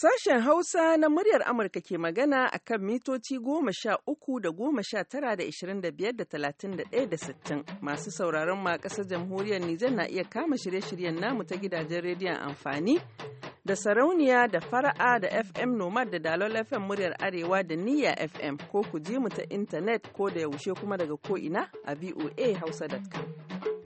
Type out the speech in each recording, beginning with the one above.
Sashen Hausa na muryar Amurka ke magana a kan mitoci goma sha uku da goma sha tara da ishirin da biyar da talatin da ɗaya da sittin. Masu sauraron ma ƙasar jamhuriyar Nijar na iya kama shirye-shiryen namu ta gidajen rediyon amfani da sarauniya da fara'a da FM Nomad da Dalol FM muryar Arewa da Niyya FM ko ku ji mu ta intanet ko da yaushe kuma daga ko ina a hausa.com.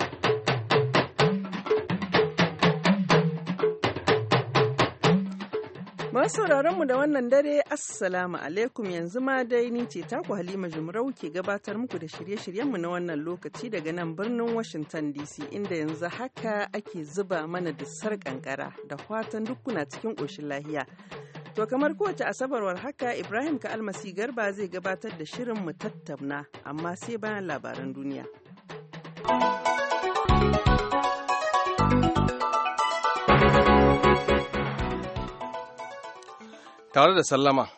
sauraron mu da wannan dare assalamu alaikum yanzu ma dai ni ce taku halima jumrau ke gabatar muku da shirye-shiryenmu na wannan lokaci daga nan birnin washington dc inda yanzu haka ake zuba mana da kankara da fatan duk cikin koshin lahiya To kamar kowace asabarwar haka Ibrahim ka almasi garba zai gabatar da shirin mu tattauna amma sai bayan labaran duniya. tare da sallama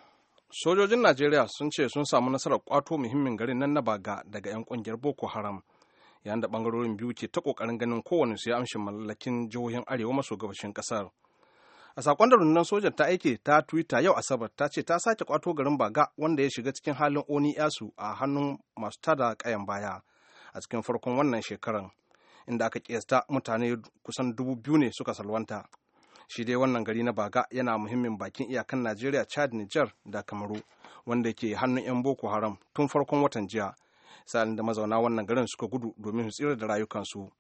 sojojin najeriya sun ce sun samu nasarar kwato muhimmin garin nan na baga daga 'yan kungiyar boko haram yayin da bangarorin biyu ke ta kokarin ganin kowane su ya amshi mallakin jihohin arewa maso gabashin kasar a sakon da rundunar sojan ta aike ta twitter yau asabar ta ce ta sake kwato garin baga wanda ya shiga cikin halin oni yasu a hannun masu tada kayan baya a cikin farkon wannan shekaran inda aka kiyasta mutane kusan dubu biyu ne suka salwanta shi dai wannan gari na baga yana muhimmin bakin iyakan najeriya chad niger da kamaru wanda ke hannun 'yan boko haram tun farkon watan jiya sa'in da mazauna wannan garin suka gudu domin su tsira da rayukansu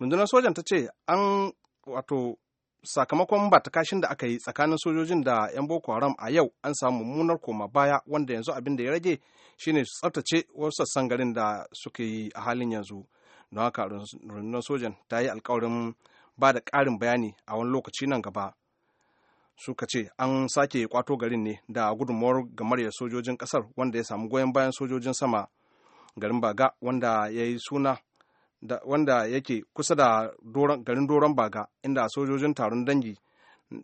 rundunar sojan ta ce an wato sakamakon batakashin da aka yi tsakanin sojojin da 'yan boko haram a yau an samu mummunar koma baya wanda yanzu abin da ya rage shine su tsaftace wasu sassan garin da suka yi a halin yanzu don haka rundunar sojan ta yi alkawarin ba da ƙarin bayani a wani lokaci nan gaba suka ce an sake kwato garin ne da gudunmawar gamaryar sojojin ƙasar wanda ya samu goyon bayan sojojin sama garin baga wanda ya yi suna da, wanda yake kusa da garin doron baga inda sojojin taron dangi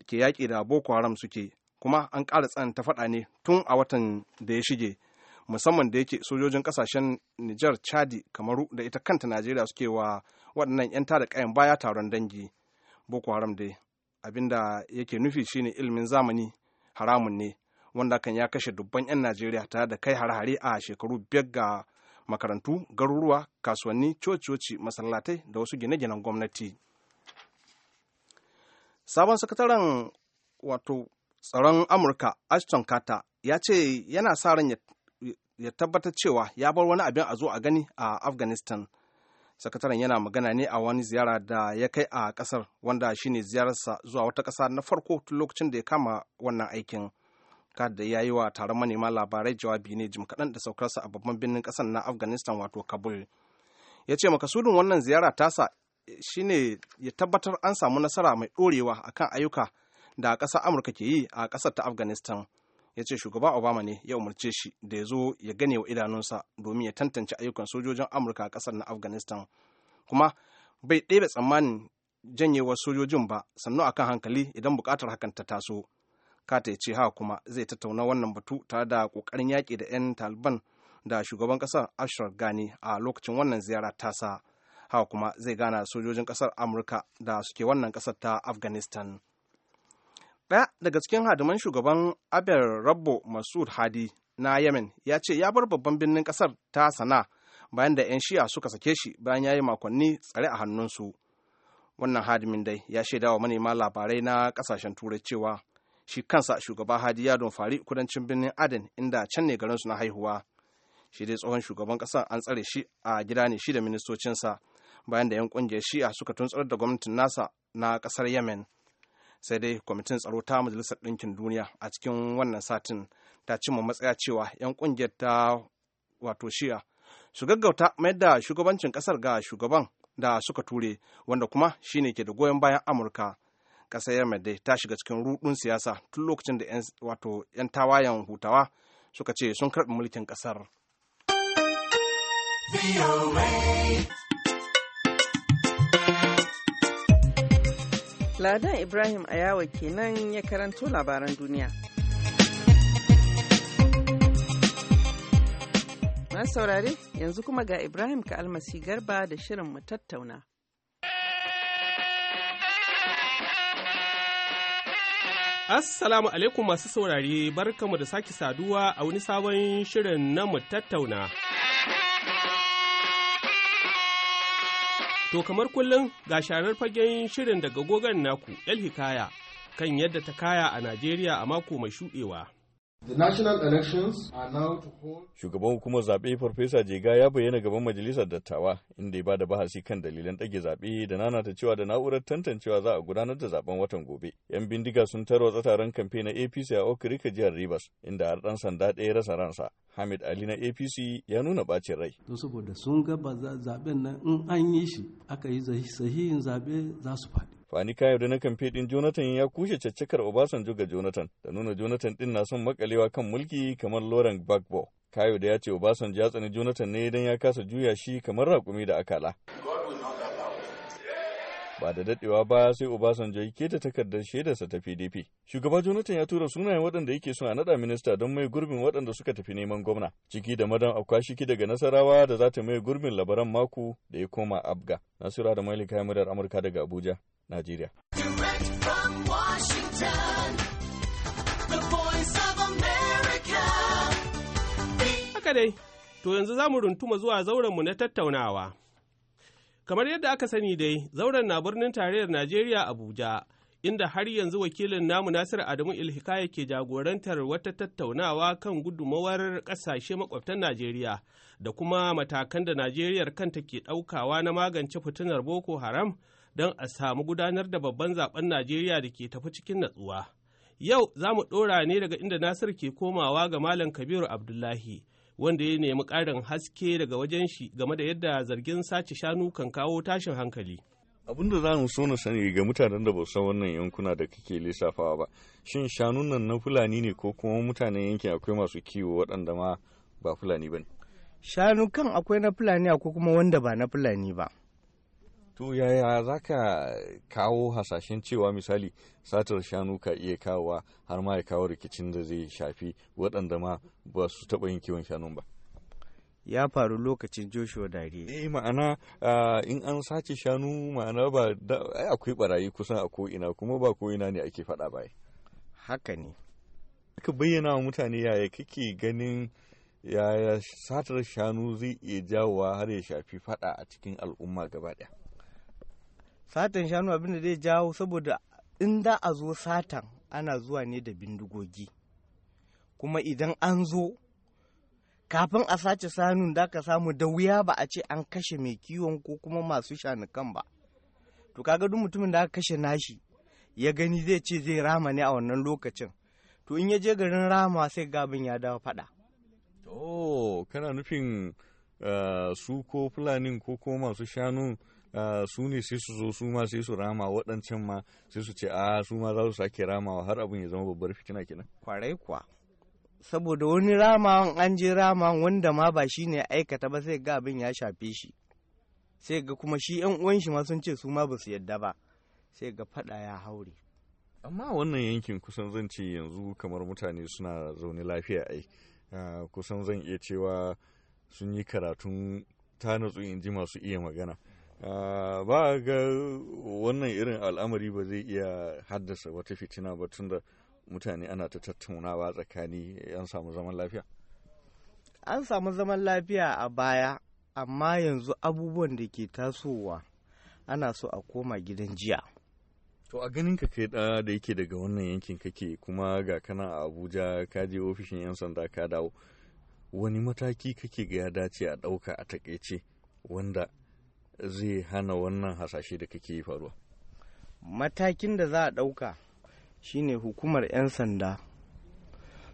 ke yaƙi da boko haram suke kuma an ƙara tsananta faɗa ne tun a watan da ya shige musamman da yake sojojin kasashen Nijar, Chadi, Kamaru da ita kanta Najeriya suke wa waɗannan 'yan tada kayan baya taron dangi. Boko Haram dai abinda yake nufi shine ilimin zamani haramun ne wanda kan ya kashe dubban 'yan Najeriya tare da kai hare-hare a shekaru biyar ga makarantu, garuruwa, kasuwanni, coci-coci, masallatai da wasu gine-ginen gwamnati. Sabon sakataren wato tsaron Amurka Ashton Carter ya ce yana sa ran ya tabbatar cewa ya bar wani abin a zo a gani a afghanistan sakataren yana magana ne a wani ziyara da ya kai a kasar wanda shine ziyararsa zuwa wata kasa na farko tun lokacin da ya kama wannan aikin kada ya yi wa taron manema labarai jawabi ne jim kaɗan da saukarsa a babban birnin ƙasar na afghanistan wato kabul ya ce makasudin wannan ziyara tasa shine ya tabbatar an samu nasara mai ɗorewa akan ayyuka da ƙasar amurka ke yi a ƙasar ta afghanistan ya ce shugaba obama ne ya umarce shi da ya zo ya gane wa idanunsa domin ya tantance ayyukan sojojin amurka a kasar na afghanistan kuma bai ɗebe tsammanin janyewar sojojin ba sannu akan hankali idan buƙatar hakan ta taso kata ya ce haka kuma zai tattauna wannan batu tare da ƙoƙarin yaƙi da 'yan taliban da shugaban ƙasar ashraf gani a lokacin wannan ziyara tasa haka kuma zai gana sojojin ƙasar amurka da suke wannan ƙasar ta afghanistan ɗaya daga cikin hadiman shugaban abel rabbo masud hadi na yemen ya ce ya bar babban birnin ƙasar ta sana bayan da 'yan shi'a suka sake shi bayan ya yi makonni tsare a hannunsu wannan hadimin dai ya shaida wa manema labarai na ƙasashen turai cewa shi kansa shugaba hadi ya fari kudancin birnin aden inda can ne garinsu na haihuwa shi dai tsohon shugaban ƙasar an tsare shi a gida ne shi da ministocinsa bayan da 'yan ƙungiyar shi'a suka tuntsar da gwamnatin nasa na ƙasar yemen sai dai kwamitin tsaro ta majalisar ɗinkin duniya a cikin wannan satin ta cimma matsaya cewa 'yan ƙungiyar ta wato shiya su gaggauta mayar da shugabancin ƙasar ga shugaban da suka ture wanda kuma shine ke da goyon bayan amurka ƙasar yemen dai ta shiga cikin rudun siyasa tun lokacin da wato 'yan tawayen hutawa suka ce sun karɓi mulkin ƙasar. Ladan Ibrahim Ayawa kenan ya karanto labaran duniya. Masu saurare yanzu kuma ga Ibrahim ka almasi garba da shirin mu tattauna. Assalamu alaikum masu saurare barkamu da sake saduwa a wani sabon shirin na mu tattauna. To kamar kullum ga sharar fagen shirin daga gogon naku El Hikaya kan yadda ta kaya a Najeriya a mako mai shuɗewa. Shugaban hukumar zaɓe Farfesa Jega ya bayyana gaban majalisar dattawa inda ya ba da bahasi kan dalilan ɗage zaɓe da nanata cewa da na'urar tantancewa za a gudanar da zaben watan gobe. 'Yan bindiga sun tarwatsa taron kamfe na APC a Okirika jihar Rivers inda har ɗan sanda ɗaya rasa ransa. Hamid Ali na APC ya nuna bacin rai. To saboda sun ga zaɓen nan in an yi shi aka yi sahihin zaɓe za su faɗi. Fani Kayo na kamfe din Jonathan ya kushe caccakar Obasanjo ga Jonathan da nuna Jonathan din na son makalewa kan mulki kamar Laurent Gbagbo. Kayo da ya ce Obasanjo ya tsani Jonathan ne idan ya kasa juya shi kamar raƙumi da akala. ba da dadewa baya sai Obasanjo ya keta takardar shaidarsa ta PDP. Shugaba Jonathan ya tura sunayen waɗanda yake son a nada minista don mai gurbin waɗanda suka tafi neman gwamna, ciki da madan Akwashiki daga Nasarawa da za ta mai gurbin labaran mako da ya koma Abga. nasira da Malik Hamidar Amurka daga Abuja, Najeriya. Haka dai, to yanzu za mu runtuma zuwa zauren mu na tattaunawa. Kamar yadda aka sani dai, zauren na birnin tarayyar Najeriya Abuja, inda har yanzu wakilin namu Nasir Adamu Ilhikaya ke jagorantar wata tattaunawa kan gudumawar ƙasashe makwabtan Najeriya da kuma matakan da Najeriya kanta ke ɗaukawa na magance fitinar Boko Haram don a samu gudanar da babban zaben Najeriya da ke tafi cikin natsuwa. Yau za mu ɗora ne daga inda Nasir ke komawa ga Malam Kabiru Abdullahi. wanda ya nemi ƙarin haske daga wajen shi game da yadda zargin sace shanu kan kawo tashin hankali. Abin da za mu so na sani ga mutanen da ba san wannan yankuna da kake lissafawa ba, shin shanun nan na Fulani ne ko kuma mutanen yankin akwai masu kiwo waɗanda ma ba Fulani ba ne? Shanu kan akwai na Fulani akwai kuma wanda ba na Fulani ba. to yaya za ka kawo hasashen cewa misali satar shanu ka iya kawowa har ma ya kawo rikicin da zai shafi waɗanda ma ba su taɓa yin kiwon shanun ba ya faru lokacin joshua dare eh ma'ana in an sace shanu ma'ana ba akwai barayi kusan a ko'ina kuma ba ko'ina ne ake faɗa ba haka ne ka bayyana wa mutane yaya kake ganin yaya satar shanu zai iya jawowa har ya shafi faɗa a cikin al'umma gaba ɗaya satan shanu abinda zai jawo saboda in da a zo satan ana zuwa ne da bindigogi kuma idan an zo kafin a sace sanun da ka samu da wuya ba a ce an kashe mai kiwon ko kuma masu shanukan ba to kaga duk mutumin da aka kashe nashi ya gani zai ce zai rama ne a wannan lokacin to in ya je garin rama sai gabin ya dawo fada oh kana nufin eh, su ko fulanin ko ko masu shanun Ah, su ne sai su zo su ma sai su rama waɗancan ma sai su ce a ah, su ma za su sake rama har abin ya zama babbar fitina kenan kwarai kuwa saboda wani rama an je ramawan wanda ma ba shi ne aikata ba sai ga abin ya shafe shi sai ga kuma shi yan uwan shi ma sun ce su ma ba su yadda ba sai ga fada ya haure amma wannan yankin kusan zan ce yanzu kamar mutane suna zaune lafiya ai ah, kusan zan iya cewa sun yi karatun ta natsu in ji masu iya magana Ah, ba ga wannan irin al'amari ba zai iya haddasa wata fitina ba tun da mutane ana ta tattaunawa tsakani an samu zaman lafiya an samu zaman lafiya a baya amma yanzu abubuwan da ke tasowa ana so a koma gidan jiya to a ganin ka kai da da yake daga wannan yankin kake kuma ga kana a abuja ka je ofishin yan sanda ka dawo wani mataki kake ga ya dace a ɗauka a takaice wanda zai hana wannan hasashe da kake faruwa matakin da za a ɗauka shine hukumar 'yan sanda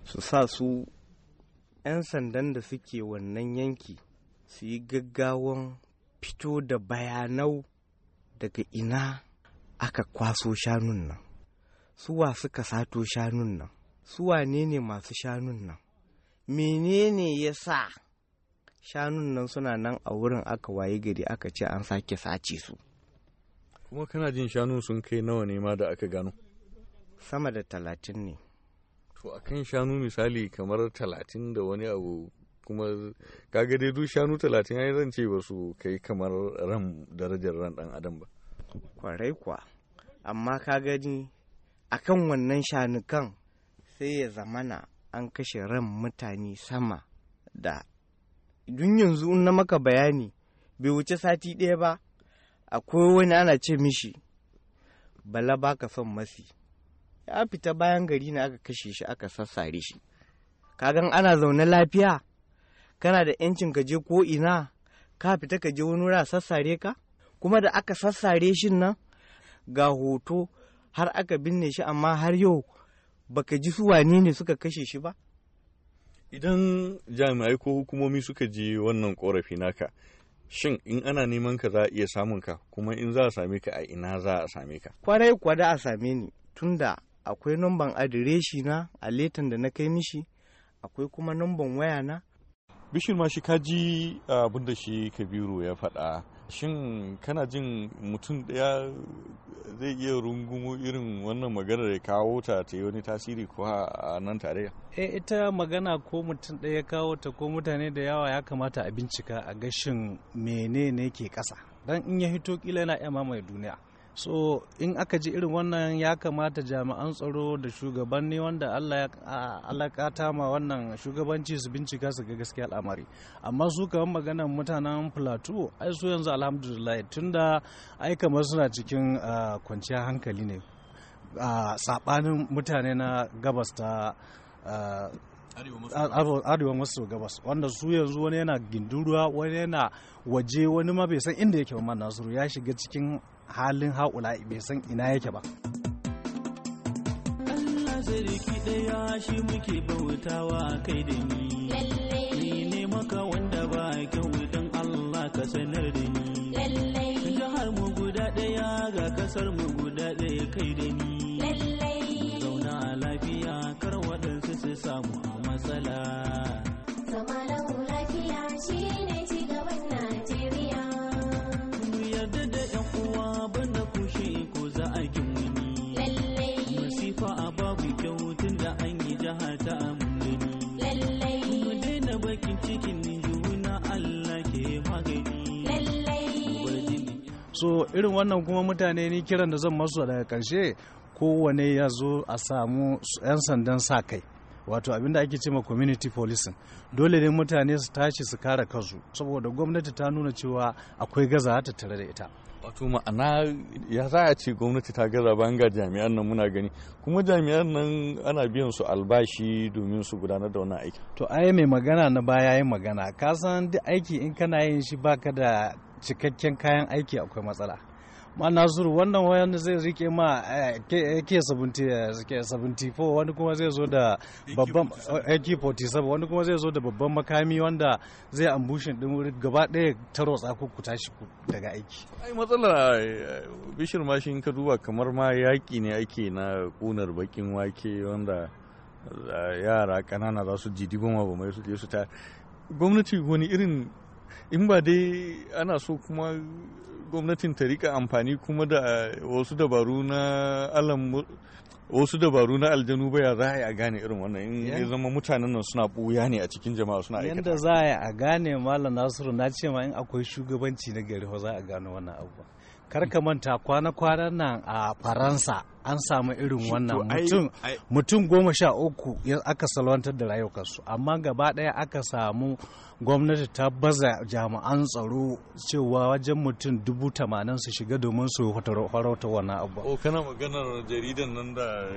su sa su 'yan sandan da suke wannan yanki su yi gaggawan fito da bayanau daga ina aka kwaso shanun nan suwa suka sato shanun nan suwa ne masu shanun nan menene ya sa shanun nan suna nan a wurin aka waye gari aka ce an sake sace su kuma kana jin shanu sun kai nawa ne ma da aka gano sama da talatin ne to a kan shanu misali kamar talatin da wani abu kuma kaga dai duk shanu talatin ya zan ce ba su kai kamar ran darajar ran dan adam ba kwarai kuwa amma ka gani a kan wannan shanukan sai ya zamana an kashe ran mutane sama da dun yanzu in na maka bayani bai wuce sati ɗaya ba akwai wani ana ce mishi bala ba ka son masi ya fita bayan gari na aka kashe shi aka sassare shi kagan ana zaune lafiya kana da yancin ka je ko ina ka fita ka je wani wura sassare ka kuma da aka sassare shi nan ga hoto har aka binne shi amma har yau baka ji su wane ne suka kashe shi ba Idan jami'ai ko hukumomi suka ji wannan korafi naka, shin in ana neman ka za a iya samun ka kuma in za a same ka a ina za a same ka? Kwarai kwada a same ni tunda akwai numban adireshi na a letan da na kai mishi akwai kuma numban waya na. Bishir ma shi kaji abin da shi Kabiru ya faɗa. shin kana jin mutum ɗaya zai iya rungumo irin wannan magana da ya kawo ta ta yi wani tasiri ko a nan tare? e eh, ita magana ko mutum ɗaya kawo ta ko mutane da yawa ya kamata a bincika a gashin menene ke ƙasa Don in ya hito kila yana iya mamaye duniya so in aka ji irin wannan ya kamata jami'an tsaro da shugabanni wanda allah ya alakata ma wannan shugabanci su bincika su ga gaskiya al'amari amma su kamar maganar mutanen plateau ai su yanzu alhamdulillah tunda ai kamar suna cikin kwanciyar hankali ne sabanin mutane na gabas ta arewa maso gabas wanda su yanzu wani yana gindin ruwa wani yana waje wani ma bai san inda yake ba nasiru ya shiga cikin halin haula bai san ina yake ba Allah sarki ɗaya shi muke bautawa kai da ni ni ne maka wanda ba kyau dan Allah ka sanar da ni jihar mu guda ɗaya ga kasar mu guda daya kai da ni so irin wannan kuma mutane ni kiran da zan masu daga karshe kowane ya zo a samu 'yan sandan sa kai wato abinda ake cewa community policing dole ne mutane su tashi su kare kansu saboda gwamnati ta nuna cewa akwai gaza ta tare da ita wato ma'ana ya za a ce gwamnati ta gaza bayan ga jami'an nan muna gani kuma jami'an nan ana biyan su albashi domin su gudanar da wannan aiki to ai mai magana na baya yin magana ka san duk aiki in kana yin shi baka da cikakken kayan aiki akwai matsala ma zuru wannan wayan zai rike ma ak eh, 74 eh, wani kuma zai zo da babban eh, ak 47 wani kuma zai zo da babban makami wanda zai ambushin din wuri gaba daya taro tsako ku tashi daga aiki ai matsala bishir mashin ka duba kamar ma yaƙi ne ake na ƙunar bakin wake wanda yara ƙanana za su jidi goma ba mai su je su ta gwamnati wani irin in ba dai ana so kuma gwamnatin ta rika amfani kuma da wasu dabaru na alam wasu dabaru na aljanu baya za a yi a gane irin wannan in ya zama mutanen nan suna buya ne a cikin jama'a suna aikata yanda za a yi a gane malam nasiru na ce ma in akwai shugabanci na gari za a gano wannan abu kar ka manta kwana-kwana nan a faransa an samu irin wannan mutum mutum goma sha uku aka salwantar da rayukansu amma gaba ɗaya aka samu gwamnati ta baza jami'an tsaro cewa wajen mutum dubu tamanin su shiga domin su farauta wani abu. O kana maganar jaridan nan da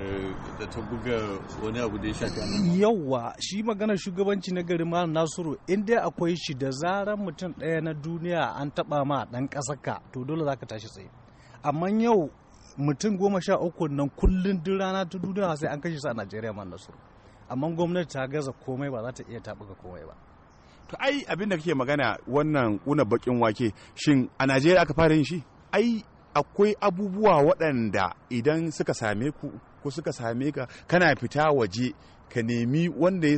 ta buga wani abu da ya shafi Yawwa shi maganar shugabanci na gari ma Nasiru inda akwai shi da zaran mutum ɗaya na duniya an taɓa ma ɗan ka to dole za ka tashi tsaye. amma yau mutum goma sha uku nan kullum duk rana ta duniya sai an kashe su a najeriya man nasu amma gwamnati ta gaza komai ba za ta iya taɓuka komai ba to ai abin da kake magana wannan kuna bakin wake shin a najeriya aka fara yin shi ai akwai abubuwa waɗanda idan suka same ku ko suka same ka kana fita waje ka nemi wanda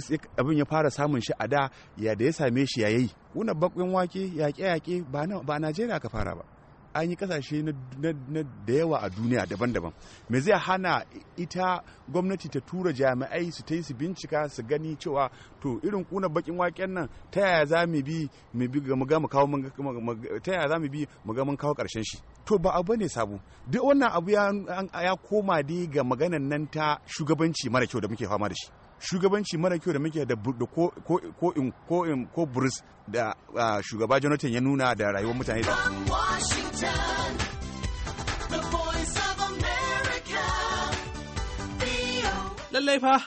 abin ya fara samun shi a da ya da ya same shi yayi kuna bakin wake yaƙe-yaƙe ba a najeriya aka fara ba an yi kasashe da yawa a duniya daban-daban me zai hana ita gwamnati ta tura jami'ai su ta yi su bincika su gani cewa to irin kuna bakin waken nan ta yaya za mu bi mu ga kawo mun kawo karshen shi to ba abu ne sabu duk wannan abu ya koma dai ga maganan nan ta shugabanci mara kyau da muke fama da shi shugabanci mara kyau da muke da ko ko in burus da shugaba Jonathan ya nuna da rayuwar mutane da Lallai fa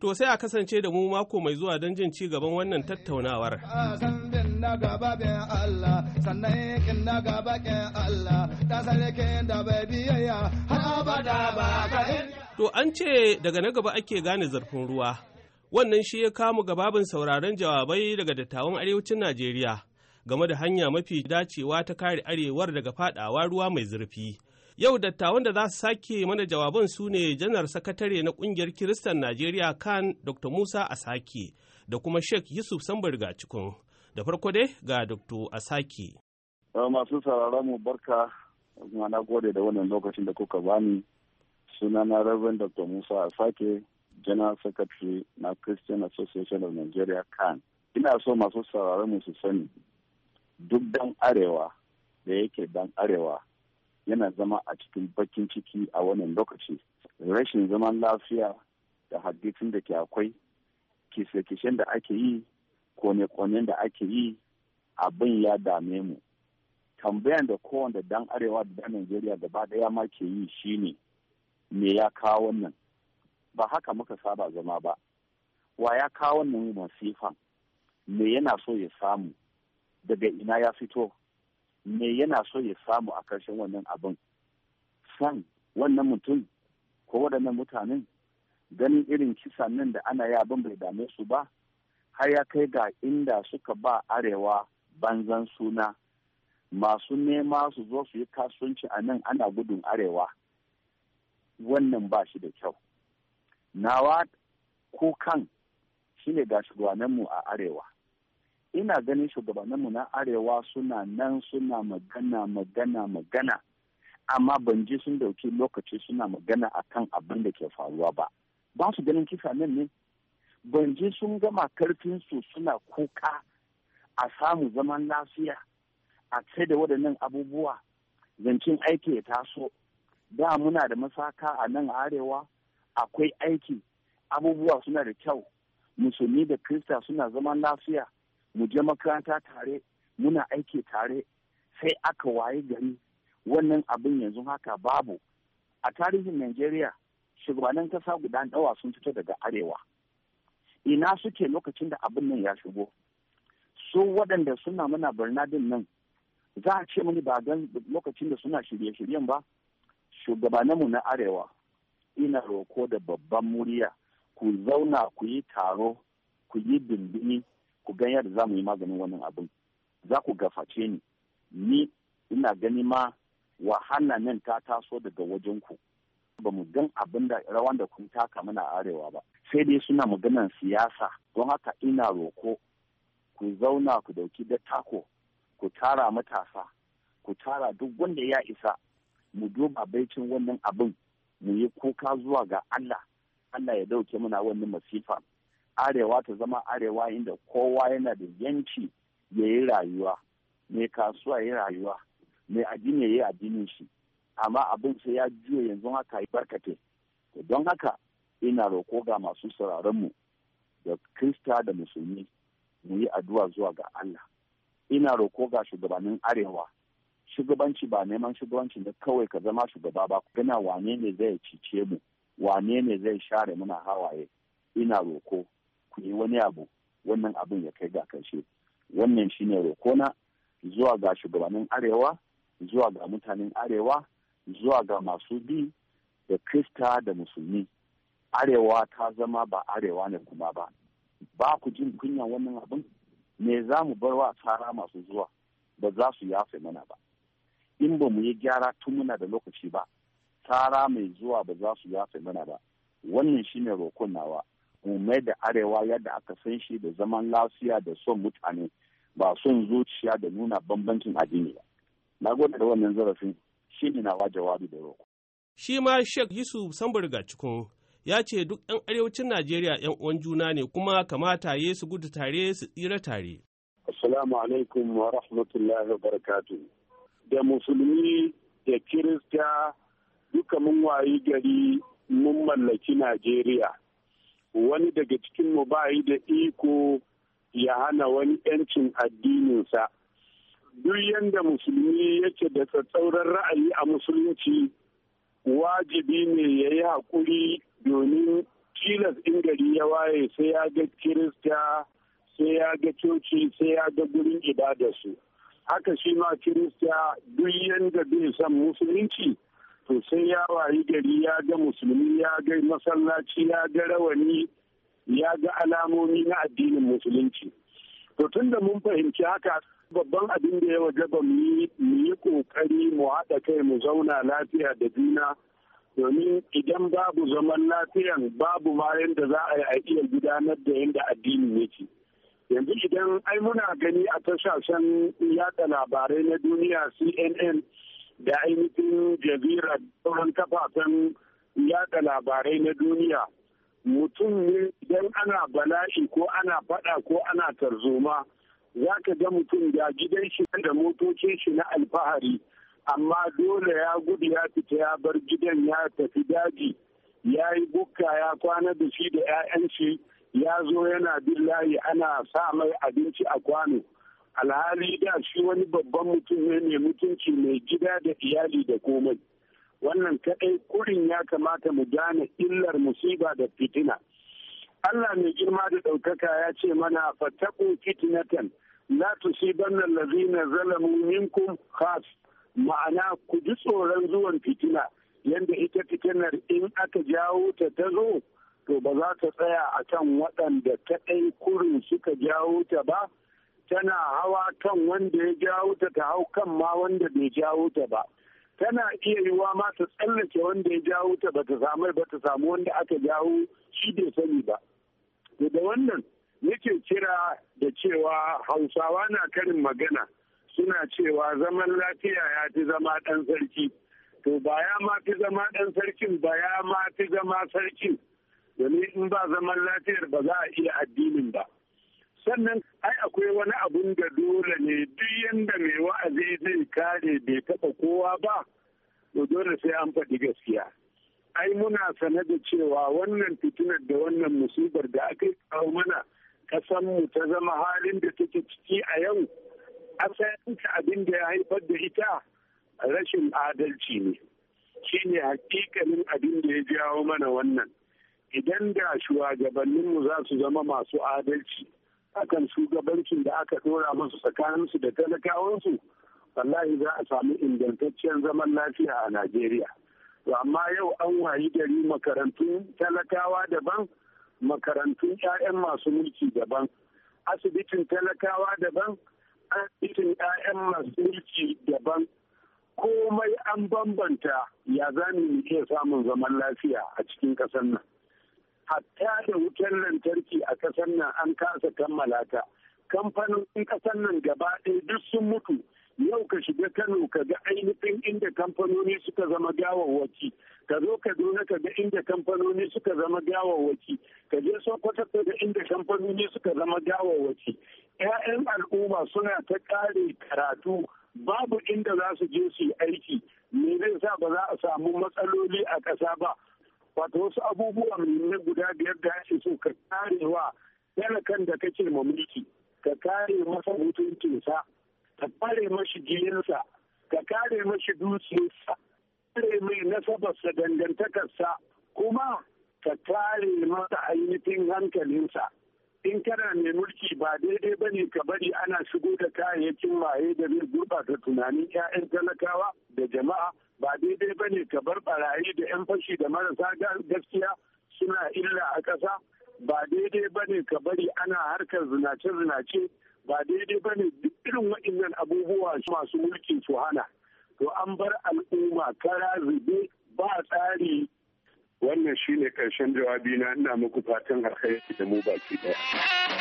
to sai a kasance da mu mako mai zuwa don jin ci gaban wannan tattaunawar. Allah To an ce daga na gaba ake gane zarfin ruwa. Wannan shi ya kamu gababin sauraron jawabai daga dattawan arewacin Najeriya game da hanya mafi dacewa ta kare arewar daga fadawa ruwa mai zurfi. Yau dattawan da za su sake mana jawaban su ne janar sakatare na kungiyar Kiristan Najeriya kan Dr. Musa Asaki da kuma Sheikh Yusuf Sambar cikin. Da farko dai ga Dr. Asaki. Eh, masu sauraron mu barka, na gode da wannan lokacin da kuka bani. sunana Reverend Dr. Musa Asake, General Secretary na Christian Association of Nigeria kan. Ina so masu sauraron mu su sani duk dan arewa da yake dan arewa yana zama a cikin bakin ciki a wannan lokaci. Rashin zaman lafiya da hadisin da ke akwai, kise-kishen da ake yi, kone-konen da ake yi, abin ya dame mu. Tambayan da kowanne dan arewa da dan Najeriya gaba ɗaya ma ke yi shine me ya kawo wannan ba haka muka saba zama ba wa ya kawo wannan masifan me yana so ya samu daga ina ya fito me yana so ya samu a ƙarshen wannan abin san wannan mutum ko waɗannan mutanen ganin irin kisan nan da ana yi bai dame su ba har ya kai ga inda suka ba arewa banzan suna masu nema su zo su yi kasuwanci a nan ana gudun arewa wannan ba shi da kyau nawa kukan shi ne ga shugabanninmu a arewa ina ganin shugabanninmu na arewa suna nan suna magana magana magana amma ban ji sun dauki lokaci suna magana a kan abin da ke faruwa ba ba su ganin kisa nan ne ban ji sun gama karfinsu suna kuka a samu zaman lafiya a da waɗannan abubuwa zancen aiki ya taso da muna da masaka a nan arewa akwai aiki abubuwa suna da kyau musulmi da krista suna zaman lafiya mu je makaranta tare muna aiki tare sai aka waye gari wannan abin yanzu haka babu a tarihin najeriya shugabannin kasa guda dawa sun fito daga arewa ina suke lokacin da abin nan ya shigo su waɗanda suna mana birnadin nan za a ce mani ba lokacin da suna shirye-shiryen ba shugabanninmu na arewa ina roko da babban murya ku zauna ku yi taro ku yi bindini ku gan yadda za mu yi maganin wannan abin za ku gaface ni ni ina gani ma wahala nan ta taso daga wajenku, ku ba mu gan abin da rawan da kun taka mana arewa ba sai dai suna maganan siyasa don haka ina roko ku zauna ku dauki da tako ku tara matasa ku tara duk wanda ya isa mu duba baicin wannan abin mu yi kuka zuwa ga Allah Allah ya dauke muna wannan masifa arewa ta zama arewa inda kowa yana da yanci ya yi rayuwa mai kasuwa ya yi rayuwa mai addini ya yi addinin shi amma abin sai ya juya yanzu haka yi barkate don haka ina roko ga masu sauraronmu da kirista da musulmi mu yi addu'a zuwa ga Allah ina roko ga shugabannin arewa shugabanci ba neman shugabanci da kawai ka zama shugaba ba gana wane ne zai cice mu wane ne zai share muna hawaye ina roko ku yi wani abu wannan abin ya kai ga karshe wannan shine na zuwa ga shugabannin arewa zuwa ga mutanen arewa zuwa ga masu bi da krista da musulmi arewa ta zama ba arewa ne kuma ba ba ku jin kunya wannan abin me za mu bar wa tsara masu zuwa ba za su yafe mana ba in ba mu yi gyara tun muna da lokaci ba tara mai zuwa ba za su yafe mana ba wannan shine rokon nawa mu mai da arewa yadda aka san shi da zaman lafiya da son mutane ba son zuciya da nuna bambancin addini ba na gode da wannan zarafin shine nawa jawabi da roko shi ma Sheikh Yusuf sambarga cikin ya ce duk 'yan arewacin Najeriya 'yan uwan juna ne kuma kamata ya su gudu tare su tsira tare. Assalamu alaikum wa rahmatullahi wa barakatuh. da musulmi da kirista duka mun wayi gari mun mallaki najeriya wani daga cikinmu ba yi da iko ya hana wani 'yancin addininsa duk yadda musulmi yake da tsatsauran ra'ayi a musulunci wajibi ne ya yi haƙuri domin tilas in gari ya waye sai ya ga kirista sai ya ga coci sai ya ga gurin ibadarsu haka shi ma kirista duk yanda bai son musulunci to sai ya wayi gari ya ga musulmi ya ga masallaci ya ga rawani ya ga alamomi na addinin musulunci to tun da mun fahimci haka babban abin da ya wajaba mu yi kokari mu haɗa kai mu zauna lafiya da juna domin idan babu zaman lafiyan babu ma yadda za a yi a iya gudanar da yadda addini yake. yanzu idan ai muna gani a tashashen yada labarai na duniya cnn da ainihin jazira sauran kafafen yada labarai na duniya mutum ne idan ana bala'i ko ana fada ko ana tarzoma za ka ga mutum ya gidan shi da motocin shi na alfahari amma dole ya gudu ya fita ya bar gidan ya tafi daji ya yi bukka ya kwana da shi da 'ya'yan shi ya zo yana bin layi ana sa mai abinci a kwano alhali da shi wani babban mutum ne mai mutunci mai gida da iyali da komai wannan kaɗai kurin ya kamata mu gane illar musiba da fitina Allah mai girma da ɗaukaka ya ce mana fataku fitnatan la tusibanna allazina zalamu minkum khas ma'ana ku ji tsoron zuwan fitina yanda ita fitinar in aka jawo ta ta zo to ba za ta tsaya a kan waɗanda kaɗai kurin suka jawo ta ba tana hawa kan wanda ya jawo ta ta hau kan ma wanda bai jawo ta ba tana iya yiwa ma ta tsallake wanda ya jawo ta ba ta samu ba ta samu wanda aka jawo shi bai sani ba to da wannan yake kira da cewa hausawa na karin magana suna cewa zaman lafiya ya fi zama ɗan sarki to ba ya ma fi zama ɗan sarkin ba ya ma fi zama sarkin domin in ba zaman lafiyar ba za a iya addinin ba sannan ai akwai wani abun da dole ne duk yanda mai wa'azi zai kare bai taɓa kowa ba to dole sai an faɗi gaskiya ai muna sane da cewa wannan fitinar da wannan musibar da aka kawo mana mu ta zama halin da take ciki a yau asalinta abin da ya haifar da ita rashin adalci ne shine hakikalin abin da ya jawo mana wannan idan da shugabanninmu za su zama masu adalci akan shugabancin da aka dora masu tsakaninsu da talakawansu wallahi za a samu ingantaccen zaman lafiya a najeriya to amma yau an wayi gari makarantun talakawa daban makarantun 'ya'yan masu mulki daban asibitin talakawa daban asibitin 'ya'yan masu mulki daban komai an bambanta ya zami mu iya samun zaman lafiya a cikin ƙasar nan hatta da wutar lantarki a ƙasar nan an kasa kammala ta kamfanonin ƙasar nan gaba ɗaya duk sun mutu yau ka shiga kano ka ga ainihin inda kamfanoni suka zama gawawwaki ka zo kaduna ka ga inda kamfanoni suka zama gawawwaki ka je sokoto ka ga inda kamfanoni suka zama gawawwaki 'ya'yan al'umma suna ta ƙare karatu babu inda za su je su yi aiki me zai sa ba za a samu matsaloli a ƙasa ba wato wasu abubuwan muhimmai guda biyar da ake so ka karewa talakan da kake ma mulki ka kare masa mutuncinsa ka kare mashi jininsa ka kare mashi dukiyarsa kare mai nasabarsa dangantakarsa kuma ka kare masa ainihin hankalinsa in kana mai mulki ba daidai ba ne ka bari ana shigo da kayayyakin maye da mai gurɓata tunanin 'ya'yan talakawa da jama'a ba daidai ba ne ka bar barayi da 'yan fashi da marasa gaskiya suna illa a ƙasa ba daidai ba ne ka bari ana harkar zinace-zinace ba daidai ba ne duk irin waɗannan abubuwa masu mulki su hana to an bar al'umma kara zube ba tsari wannan shine ƙarshen na ina muku fatan alkhairi da mu baki ɗaya.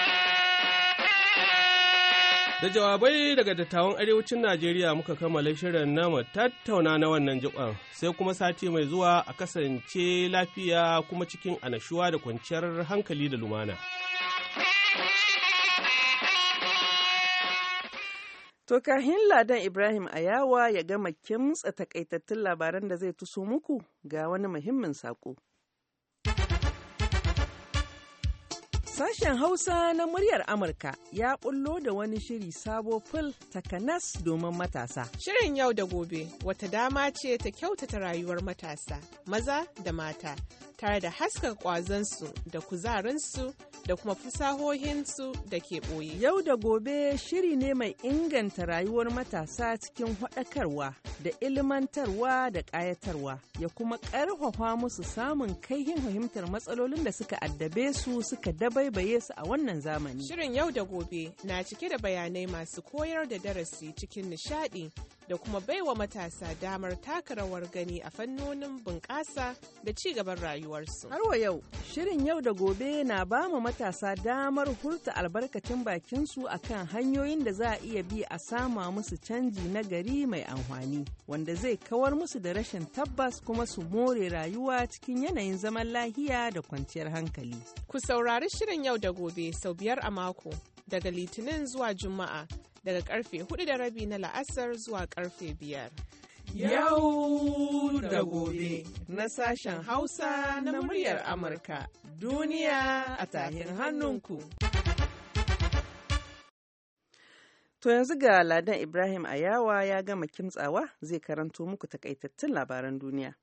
Da jawabai daga dattawan arewacin Najeriya muka kammala shirin namu tattauna na wannan jikon sai kuma sati mai zuwa a kasance lafiya kuma cikin anashuwa da kwanciyar hankali da lumana. To kahin Ladan Ibrahim Ayawa ya gama kimtsa takaitattun labaran da zai tuso muku ga wani muhimmin saƙo. Sashen Hausa na muryar Amurka ya ƙullo da wani shiri sabo ful takanas domin matasa. Shirin yau da gobe wata dama ce ta kyautata rayuwar matasa, maza da mata, tare da haska kwazansu da kuzarinsu da kuma fasahohinsu da ke ɓoye. Yau da gobe shiri ne mai inganta rayuwar matasa cikin haɗakarwa da ilmantarwa da ƙayatarwa ya kuma ƙarfafa musu samun kaihin fahimtar matsalolin da suka addabe su suka dabaibaye su a wannan zamani. Shirin yau da gobe na cike da bayanai masu koyar da darasi cikin nishaɗi da kuma baiwa matasa damar taka rawar gani a fannonin bunƙasa da ci gaban rayuwarsu. Har wa yau, shirin yau da gobe na ba mu matasa damar hurta albarkacin bakinsu a kan hanyoyin da za a iya bi a sama musu canji na gari mai amfani wanda zai kawar musu da rashin tabbas kuma su more rayuwa cikin yanayin zaman lahiya da kwanciyar hankali. Ku saurari shirin yau da gobe sau biyar a mako daga litinin zuwa juma'a daga karfe hudu da rabi na la'asar zuwa karfe biyar. Yau da gobe na sashen Hausa na muryar Amurka. Duniya a tahin hannunku. To yanzu ga Ladan Ibrahim Ayawa ya gama kimtsawa zai karanto muku takaitattun labaran duniya.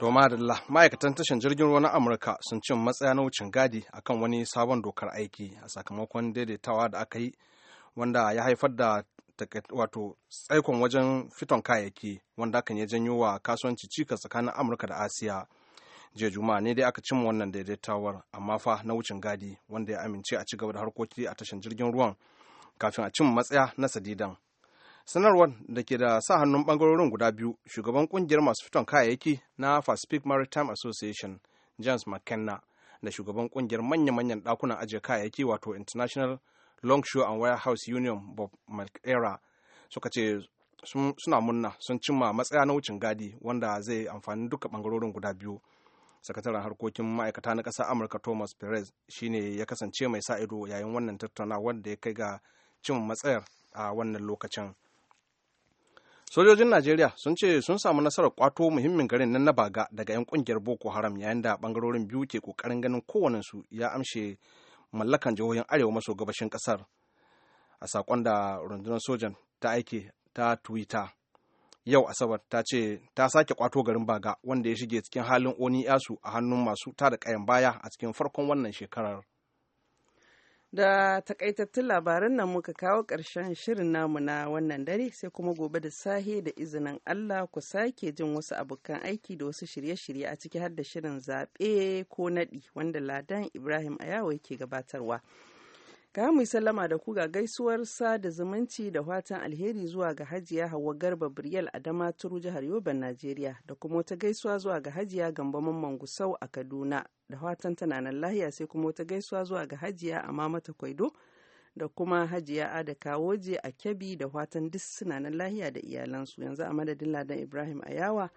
Domadalla ma'aikatan tashar jirgin ruwa na Amurka sun cin matsaya na wucin gadi akan wani sabon dokar aiki a sakamakon daidaitawa da aka yi wanda ya haifar da wato tsaikon wajen fiton kayayyaki wanda hakan ya janyo wa kasuwanci cikas tsakanin amurka da asiya jiya juma ne dai aka cimma wannan daidaitawar amma fa na wucin gadi wanda ya amince a cigaba da harkoki a tashan jirgin ruwan kafin a cin matsaya na sadidan sanarwar da ke da sa hannun bangarorin guda biyu shugaban kungiyar masu fiton kayayyaki na pacific maritime association james mckenna da shugaban kungiyar manya-manyan dakunan ajiye kayayyaki wato international longshore and warehouse union bob mcera suka ce suna munna sun cimma matsaya na wucin gadi wanda zai amfani duka bangarorin guda biyu sakataren harkokin ma'aikata na ƙasar amurka thomas perez shine ya kasance mai sa ido yayin wannan tattaunawar da ya kai ga cin matsayar a wannan lokacin sojojin najeriya sun ce sun samu nasarar kwato muhimmin garin nan na baga daga 'yan kungiyar boko haram yayin da bangarorin biyu ke kokarin ganin kowane su ya amshe mallakan jihohin arewa maso gabashin kasar a sakon da rundunar sojan ta aike ta twitter yau asabar ta ce ta sake kwato garin baga wanda ya shige cikin halin oni yasu a hannun masu tada kayan baya a cikin farkon wannan shekarar Da takaitattun labaran nan muka kawo ƙarshen shirin namu na wannan dare sai kuma gobe da sahe da izinin Allah ku sake jin wasu abokan aiki da wasu shirye-shirye a ciki har da shirin zaɓe ko naɗi wanda Ladan Ibrahim Ayawa yake gabatarwa. ga mu sallama da ku ga gaisuwar sa da zumunci da fatan alheri zuwa ga Hajiya Hauwa Garba Briyal a Damaturu jihar Yobe Najeriya da kuma wata gaisuwa zuwa ga Hajiya Gambo Mamman Gusau a Kaduna da fatan tana nan lahiya sai kuma wata gaisuwa zuwa ga Hajiya a mamata Kwaido da kuma Hajiya da Kawoje a kyabi da fatan duk suna lahiya da iyalansu yanzu a madadin Ladan Ibrahim Ayawa.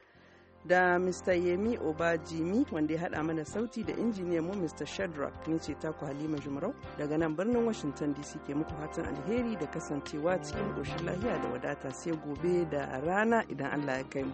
da Mr. Yemi Obajimi wanda ya haɗa mana sauti da injiniyan mu Mr. Shadrack ne ce taku Halima Jumarau daga nan birnin Washington DC ke muku fatan alheri da kasancewa cikin goshin lafiya da wadata sai gobe da rana idan Allah ya kai mu.